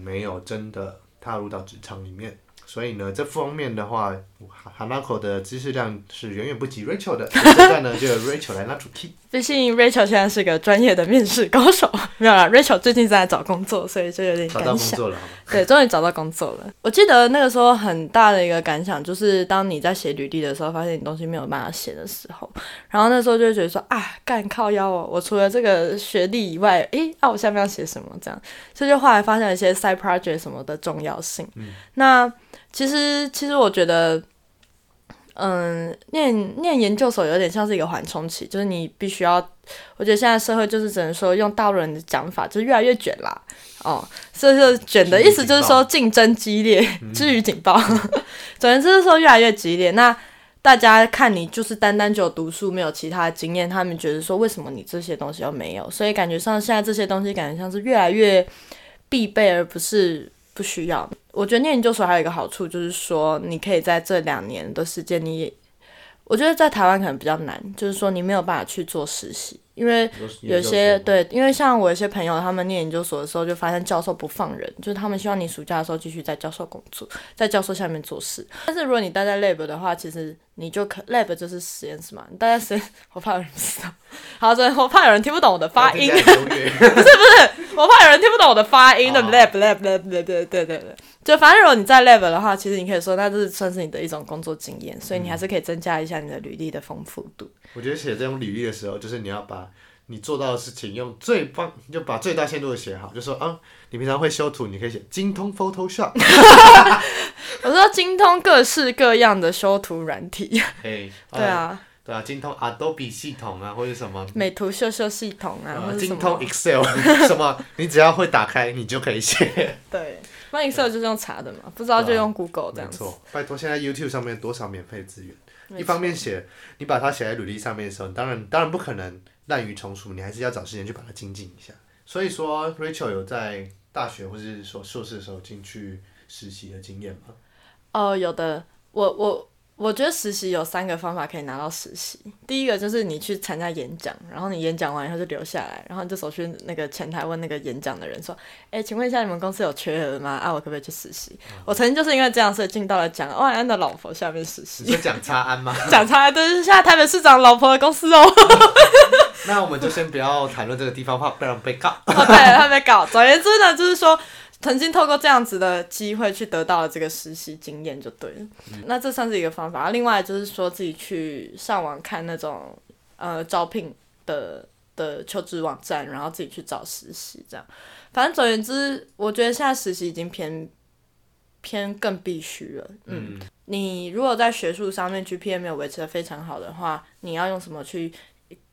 沒有真的踏入到職場裡面，所以呢，這方面的話，Hanako 的知識量是遠遠不及 Rachel 的。現在呢，就由 Rachel 來拿主 key。最近 Rachel 現在是個專業的面試高手。沒有啦，Rachel 最近正在找工作，所以就有點感想。找到工作了，對，終於找到工作了。我記得那個時候很大的一個感想就是，當你在寫履歷的時候，發現你東西沒有辦法寫的時候，然後那時候就會覺得說啊，幹靠腰哦，我除了這個學歷以外，誒、欸，那、啊、我下面要寫什麼？這樣，所以就後來發現一些 side project 什麼的重要性。嗯、那其實，其實我覺得。嗯，唸唸研究所有點像是一個緩衝期，就是你必須要。我覺得現在社會就是只能說用大陸人的講法，就是越來越捲啦。哦，所以就捲的意思就是說競爭激烈，至於警報。警報嗯，總之就是說越來越激烈。那大家看你就是單單只有讀書，沒有其他經驗，他們覺得說為什麼你這些東西都沒有？所以感覺上現在這些東西，感覺像是越來越必備，而不是不需要。我覺得念研究所還有一個好處，就是說你可以在這兩年的時間，你我覺得在台灣可能比較難，就是說你沒有辦法去做實習，因為有些對，因為像我一些朋友，他們念研究所的時候就發現教授不放人，就是他們希望你暑假的時候繼續在教授工作，在教授下面做事。但是如果你待在 lab 的話，其實你就可 lab 就是實驗室嘛，你待在實驗室，我怕有人知道。好，我怕有人聽不懂我的發音，不是不是。我怕有人聽不懂我的發音的，lab lab lab l l l l 就反正如果你在 lab 的話，其實你可以說那是算是你的一種工作經驗，所以你還是可以增加一下你的履歷的豐富度。我覺得寫這種履歷的時候，就是你要把你做到的事情用最棒，就把最大限度的寫好。就說啊、嗯，你平常會修圖，你可以寫精通 Photoshop。 *laughs* *laughs* 我說精通各式各樣的修圖軟體。嘿，Hey , uh. 對啊。對啊，精通 Adobe 系統啊，或者什麼美圖秀秀系統啊，嗯、精通 Excel，什麼 *laughs* 你只要會打開，你就可以寫。對，那 Excel 就是用查的嘛，對不知道就用 Google 這樣子、啊。沒錯，拜托，現在 YouTube 上面多少免費資源？錯一方面寫，你把它寫在履歷上面的時候，當然當然不可能濫竽充數，你還是要找時間去把它精進一下。所以說，Rachel 有在大學或者是說碩士的時候進去實習的經驗嗎？哦、呃，有的，我我。我覺得實習有三個方法可以拿到實習。第一個就是你去參加演講，然後你演講完以後就留下來，然後你就走去那個前台問那個演講的人說：“哎、欸，請問一下你們公司有缺人嗎？啊，我可不可以去實習？”嗯、我曾經就是因為這樣子進到了蔣萬安的老婆下面實習。你是講差安嗎？講差安對、就是現在台北市長老婆的公司哦。嗯、 *laughs* 那我們就先不要談論這個地方，怕不然被告。對、啊，怕被告。總言之呢，就是說。曾經透過這樣子的機會去得到了這個實習經驗就對了，嗯、那這算是一個方法。另外就是說自己去上網看那種呃招聘、的的求職網站，然後自己去找實習這樣。反正總而言之，我覺得現在實習已經偏偏更必須了。嗯，嗯，你如果在學術上面 GPA 沒有維持得非常好的話，你要用什麼去？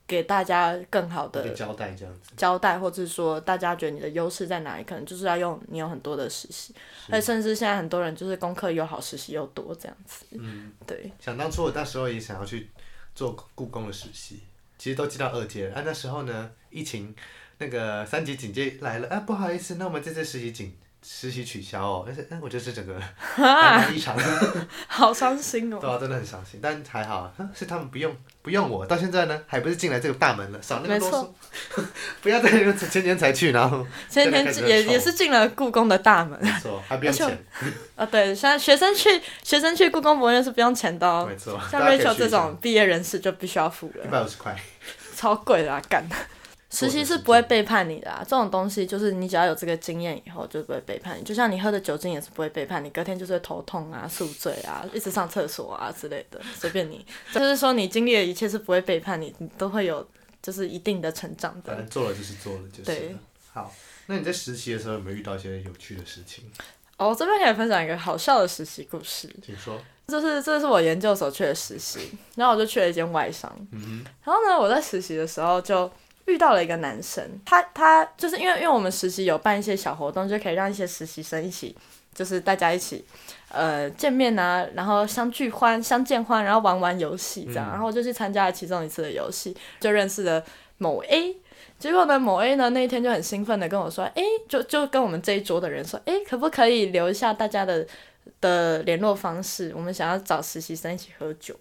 給大家更好的交代，這樣子交代，或者是說大家覺得你的優勢在哪裡？可能就是要用你有很多的實習，那是甚至現在很多人就是功課又好，實習又多這樣子。嗯，對。想當初我那時候也想要去做故宮的實習，其實都進到二階了，啊，那時候呢，疫情那個三級警戒來了，啊，不好意思，那我們這次實習停。實習取消哦，而且我我就是整個異、啊、好傷心哦。 *laughs* 對啊，真的很傷心，但還好是他們不用不用我，到現在呢還不是進來這個大門了，少那個沒錯錯， *laughs* 不要再前年才去，然後前幾天一也也是進了故宮的大門。沒錯，還不要錢。啊，哦、對，像學生去學生去故宮博物院是不用錢的哦，像 Rachel 錯這種畢業人士就必須要付了，一百五十塊，超貴的啊，幹的。實習是不會背叛你的啊，這種東西就是你只要有這個經驗以後就不會背叛你。就像你喝的酒精也是不會背叛你，你隔天就是頭痛啊、宿醉啊、一直上廁所啊之類的，隨便你。 *laughs* 就是說你經歷的一切是不會背叛你，你都會有就是一定的成長的。反正做了就是做了，就是。對。好，那你在實習的時候有沒有遇到一些有趣的事情？哦，這邊可以分享一個好笑的實習故事。請說。就是這是我研究所去實習，然後我就去了一間外商。嗯哼然後呢，我在實習的時候就。遇到了一個男生，他他就是因為因為我們實習有辦一些小活動，就可以讓一些實習生一起，就是大家一起，呃，見面啊，然後相聚歡，相見歡，然後玩玩遊戲、嗯、這樣，然後我就去參加了其中一次的遊戲，就認識了某 A。結果呢，某 A 呢那一天就很興奮的跟我說，誒、欸，就就跟我們這一桌的人說，誒、欸，可不可以留一下大家的的聯絡方式？我們想要找實習生一起喝酒。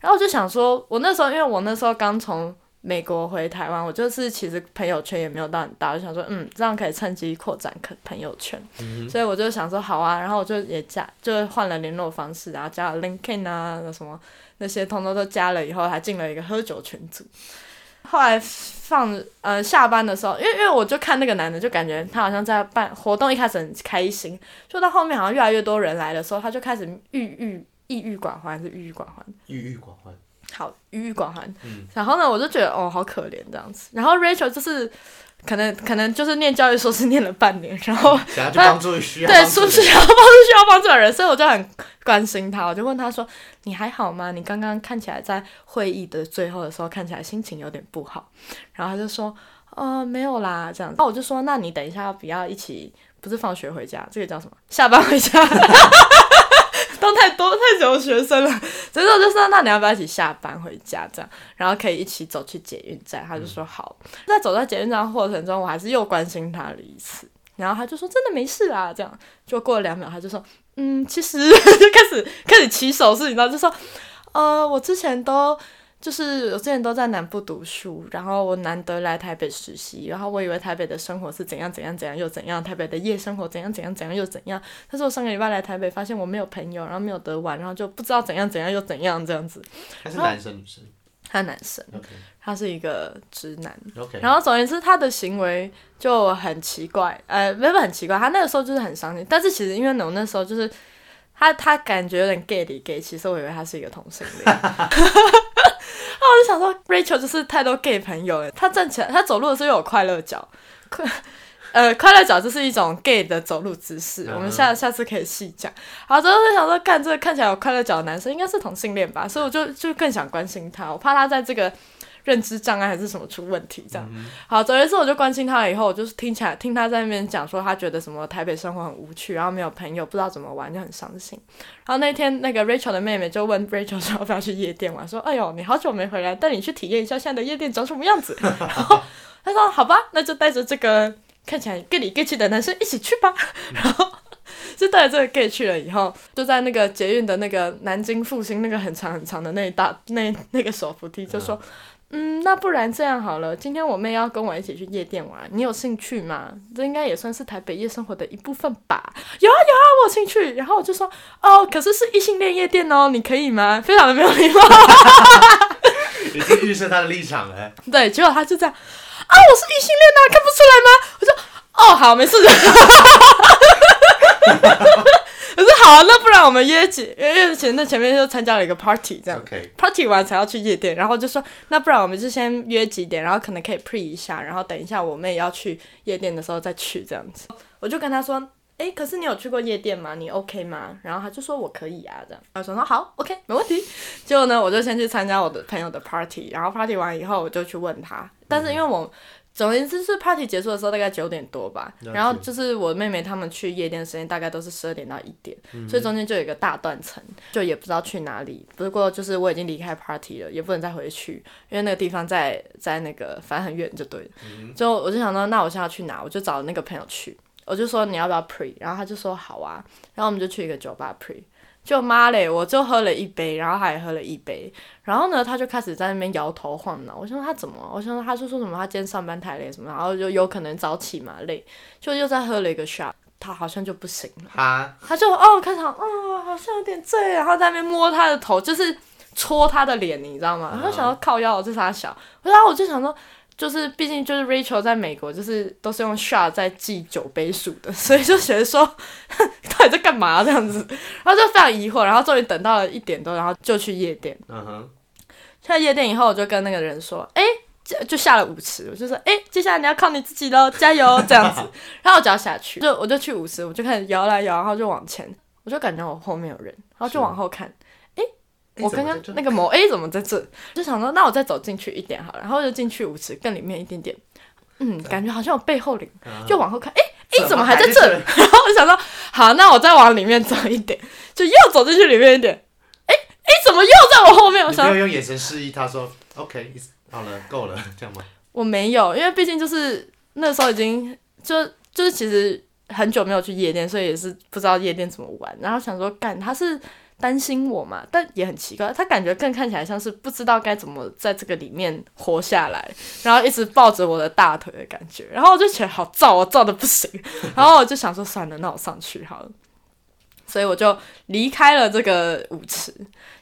然後我就想說，我那時候因為我那時候剛從美國回台灣，我就是其實朋友圈也沒有到很大，我想說，嗯，這樣可以趁機擴展可朋友圈，嗯、哼所以我就想說好啊，然後我就也加，就換了聯絡方式，啊，然後加了 LinkedIn 啊，什麼那些通通都加了，以後還進了一個喝酒群組。後來放，呃、下班的時候，因為因為我就看那個男的，就感覺他好像在辦活動，一開始很開心，就到後面好像越來越多人來的時候，他就開始鬱鬱、抑鬱寡歡，還是鬱鬱寡歡？鬱鬱寡歡。好，鬱鬱寡歡。嗯、然後呢，我就覺得哦，好可憐這樣子。然後 Rachel 就是，可能可能就是念教育碩士念了半年，然後對，就幫助要對幫助需要幫助的人，所以我就很關心他，我就問他說：“你還好嗎？你剛剛看起來在會議的最後的時候，看起來心情有點不好。”然後他就說：“哦、呃，沒有啦，這樣子。”那我就說：“那你等一下，要不要一起，不是放學回家，這個叫什麼？下班回家。” *laughs* 太多太久的學生了，所以我就說，那你要不要一起下班回家這樣，然後可以一起走去捷運站。他就說好。那、嗯、走在捷運站的過程中，我還是又關心他了一次。然後他就說真的沒事啦，這樣就過了兩秒，他就說嗯，其實就開始開始起手式，你知道，就說，呃，我之前都。就是我之前都在南部讀書，然後我難得來台北實習，然後我以為台北的生活是怎樣怎樣怎樣又怎樣，台北的夜生活怎樣怎樣怎樣又怎樣。但是我上個禮拜來台北，發現我沒有朋友，然後沒有得玩，然後就不知道怎樣怎樣又怎樣這樣子。他是男生是他男生。Okay. 他是一個直男。Okay. 然後總而言之，他的行為就很奇怪，呃，沒有很奇怪，他那個時候就是很傷心。但是其實因為呢，我那時候就是他他感覺有點 gay 裡 gay 氣，其實我以為他是一個同性戀。 *laughs* 啊！ *laughs* 我就想說，Rachel 就是太多 gay 朋友了。他站起來，他走路的時候又有快樂腳，快呃，快樂腳就是一種 gay 的走路姿勢。 *laughs* 我們下次下次可以細講。好，之後就想說看，看這個看起來有快樂腳的男生，應該是同性戀吧？所以我就就更想關心他，我怕他在這個。認知障礙還是什麼出問題這樣，mm hmm. 好，走一次我就關心他了。以後我就是聽起來聽他在那邊講說，他覺得什麼台北生活很無趣，然後沒有朋友，不知道怎麼玩，就很傷心。然後那天那個 Rachel 的妹妹就問 Rachel 說：“要不要去夜店玩？”說：“哎呦，你好久沒回來，帶你去體驗一下現在的夜店長什麼樣子。” *laughs* 然後他說：“好吧，那就帶着這個看起來 gay 裡 gay 氣的男生一起去吧。Mm ” hmm. 然後就帶着這個 gay 去了以後，就在那個捷運的那個南京復興那個很長很長的那一大那那個手扶梯，就說。Mm hmm. 嗯，那不然這樣好了，今天我妹要跟我一起去夜店玩，你有興趣嗎？這應該也算是台北夜生活的一部分吧。有啊有啊，我有興趣。然後我就說，哦，可是是異性戀夜店哦，你可以嗎？非常的沒有禮貌。 *laughs* 你 *laughs* 經預設他的立場了。對，結果他就這樣，啊，我是異性戀吶、啊，看不出來嗎？我說，哦，好，沒事的。 *laughs* *laughs* 我說好啊，那不然我們約幾約，因為那前面就參加了一個 party 這樣 Okay.，party 完才要去夜店，然後就說那不然我們就先約幾點，然後可能可以 pre 一下，然後等一下我妹要去夜店的時候再去這樣子。 *music* 我就跟他說，誒、欸，可是你有去過夜店嗎？你 OK 嗎？然後他就說我可以啊，這樣，他說那好，OK 沒問題。 *laughs* 結果呢，我就先去參加我的朋友的 party，然後 party 完以後我就去問他，嗯、哼但是因為我。總之就是，party 結束的時候大概九點多吧，了解。然後就是我妹妹他們去夜店的時間大概都是十二點到一點，嗯哼。所以中間就有一個大斷層，就也不知道去哪裡。不過就是我已經離開 party 了，也不能再回去，因為那個地方在在那個反正很遠就對了。嗯哼。就我就想說，那我現在要去哪？我就找那個朋友去，我就說你要不要 pre？然後他就說好啊，然後我們就去一個酒吧 pre。就媽嘞，我就喝了一杯，然後他也喝了一杯，然後呢，他就開始在那邊搖頭晃腦。我想說他怎麼了？我想說他就說什麼？他今天上班太累什麼？然後就有可能早起嘛，累就又再喝了一個 shot 他好像就不行了。哈他就哦，開始哦，好像有點醉，然後在那邊摸他的頭，就是戳他的臉，你知道嗎？他想要靠腰，就是他想，後來我就想說。就是，畢竟就是 Rachel 在美國，就是都是用 shot 在記酒杯數的，所以就覺得說，到底在幹嘛、啊、這樣子，然後就非常疑惑，然後終於等到了一點多，然後就去夜店。嗯哼、uh。去、huh. 夜店以後，我就跟那個人說：“哎、欸，就下了舞池。”我就說：“哎、欸，接下來你要靠你自己咯，加油這樣子。”然後我就要下去，就我就去舞池，我就開始搖來搖，然後就往前，我就感覺我後面有人，然後就往後看。我剛剛那個模，A 怎麼在這，剛剛、欸麼在這？就想說，那我再走進去一點好，然後就進去舞池更裡面一點點，嗯，感覺好像我背後靈，就、嗯、往後看，哎哎、嗯欸欸，怎麼還在這？在這 *laughs* 然後我想說，好，那我再往裡面走一點，就又走進去裡面一點，哎、欸，哎、欸，怎麼又在我後面？我沒有用眼神示意，他說 *laughs* OK，好了，夠了，這樣嗎？我沒有，因為畢竟就是那時候已經就就是其實很久沒有去夜店，所以也是不知道夜店怎麼玩，然後想說幹他是。擔心我嘛，但也很奇怪，他感覺更看起來像是不知道該怎麼在這個裡面活下來，然後一直抱着我的大腿的感覺，然後我就覺得好燥喔，我燥得不行，然後我就想說，算了，那我上去好了，所以我就離開了這個舞池。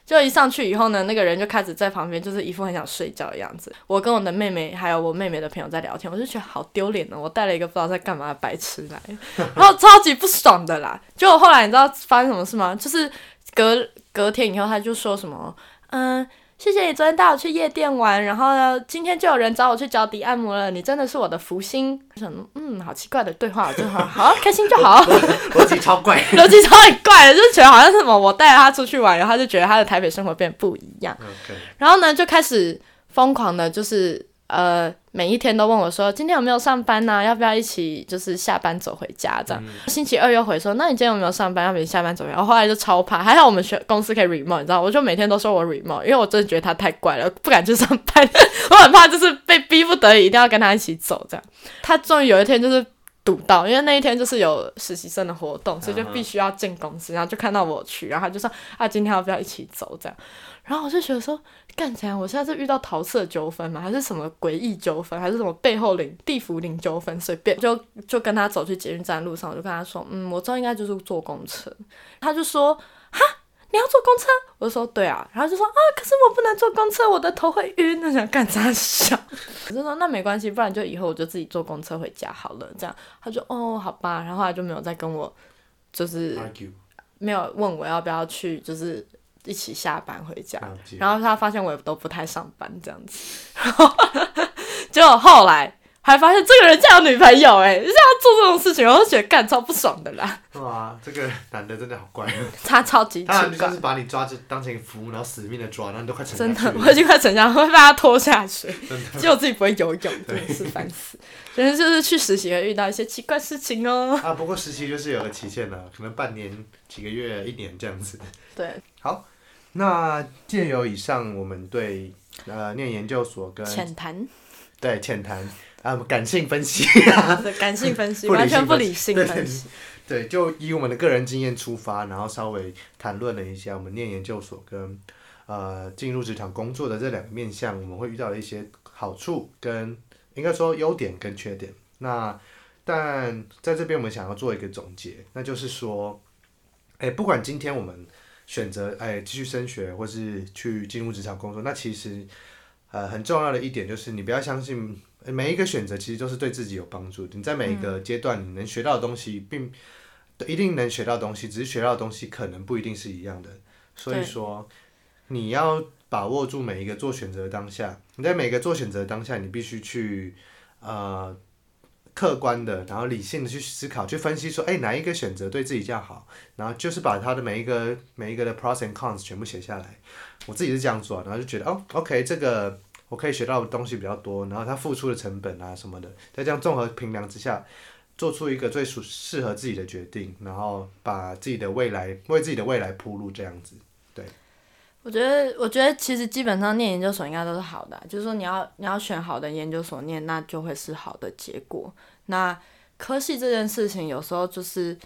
就一上去以後呢，那個人就開始在旁邊，就是一副很想睡覺的樣子。我跟我的妹妹還有我妹妹的朋友在聊天，我就覺得好丟臉呢。我帶了一個不知道在幹嘛的白痴來，然後超級不爽的啦。就後來你知道發生什麼事嗎？就是。隔隔天以後，他就說什麼：“嗯，謝謝你昨天帶我去夜店玩，然後呢，今天就有人找我去腳底按摩了。你真的是我的福星。”他說嗯，好奇怪的對話，我就說：“好，開心就好。”邏輯超怪，邏輯 *laughs* 超怪的，就覺得好像是什麼，我帶他出去玩，然後他就覺得他的台北生活變不一樣。Okay. 然後呢，就開始瘋狂的，就是呃。每一天都問我說：“今天有沒有上班吶、啊，要不要一起就是下班走回家這樣？”嗯、星期二又回說：“那你今天有沒有上班？要不要下班走回家？”然後後來就超怕，還好我們學公司可以 remote，你知道，我就每天都說我 remote，因為我真的覺得他太怪了，不敢去上班， *laughs* 我很怕就是被逼不得已一定要跟他一起走這樣。他終於有一天就是。堵到，因為那一天就是有實習生的活動，所以就必須要進公司，然後就看到我去，然後他就說：“啊，今天要不要一起走？”這樣，然後我就覺得說：“幹啥？我現在是遇到桃色糾紛嗎？還是什麼詭異糾紛？還是什麼背後靈地府靈糾紛？隨便。”就就跟他走去捷運站的路上，我就跟他說：“嗯，我知道應該就是做工程，他就說：“哈。”你要坐公車？我就說對啊，然後就說啊,可是我不能坐公車，我的頭會暈。那想幹啥想？ *laughs* 我就說那沒關係，不然就以後我就自己坐公車回家好了。這樣，他就哦好吧，然後他就沒有再跟我就是你沒有問我要不要去，就是一起下班回家。你然後他發現我也都不太上班這樣子，哈哈。結果後來。還發現這個人竟然有女朋友、欸，哎，竟然做這種事情，我都覺得幹超不爽的啦。是啊，這個男的真的好怪。 *laughs* 他超級奇怪，就把你抓着當成服務，然後死命的抓，然後你都快成。真的，我已經快成，沉下， *laughs* 會被他拖下去。結果的自己不會游泳，真對是煩死。反正 *laughs* 就是去實習會遇到一些奇怪事情哦。啊，不過實習就是有個期限的，可能半年、幾個月、一年這樣子。對，好，那借由以上，我們對呃念研究所跟淺談，談對淺談。啊，感性分析啊，感性分析，完 *laughs* 全不理性的分析。對，對，對，就以我們的個人經驗出發，然後稍微談論了一下我們念研究所跟呃進入職場工作的這兩個面向，我們會遇到的一些好處跟應該說優點跟缺點。那但在這邊我們想要做一個總結，那就是說，哎、欸，不管今天我們選擇哎繼續升學或是去進入職場工作，那其實呃很重要的一點就是你不要相信。每一個選擇其實都是對自己有幫助。你在每一個階段你能學到的東西，嗯、並一定能學到東西，只是學到的東西可能不一定是一樣的。所以說，對你要把握住每一個做選擇的當下，你在每一個做選擇的當下，你必須去呃客觀的，然後理性的去思考，去分析說，哎、欸，哪一個選擇對自己較好？然後就是把他的每一個每一個的 pros and cons 全部寫下來。我自己是這樣做，然後就覺得，哦，OK，這個。我可以學到的東西比較多，然後他付出的成本啊什麼的，在這樣綜合評量之下，做出一個最適適合自己的決定，然後把自己的未來為自己的未來鋪路，這樣子。對，我覺得，我覺得其實基本上念研究所應該都是好的啊，就是說你要你要選好的研究所念，那就會是好的結果。那科系這件事情，有時候就是，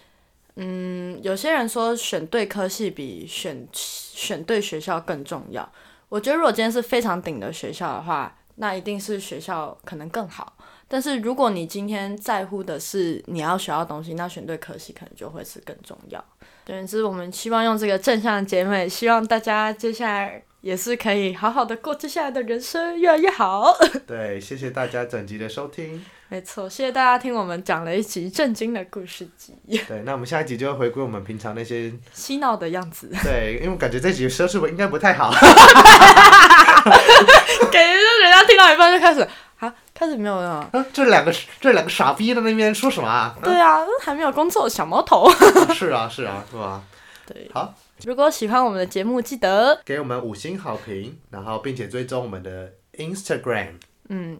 嗯，有些人說選對科系比選選對學校更重要。我覺得，如果今天是非常頂的學校的話，那一定是學校可能更好。但是，如果你今天在乎的是你要學到東西，那選對科系可能就會是更重要。總之，我們希望用這個正向的結尾，希望大家接下來也是可以好好的過接下來的人生，越來越好。對，謝謝大家整集的收聽。沒錯，謝謝大家聽我們講了一集震驚的故事集。對，那我們下一集就要回歸我們平常那些嬉 *laughs* 鬧的樣子。對，因為我感覺這集收視率應該不太好。感覺就人家聽到一半就開始啊，開始沒有用、啊。這兩個這兩個傻逼在那邊說什麼啊？啊對啊，還沒有工作，小毛頭 *laughs* 、啊。是啊，是啊，是啊。對啊。對好，如果喜歡我們的節目，記得給我們五星好評，然後並且追蹤我們的 Instagram。嗯。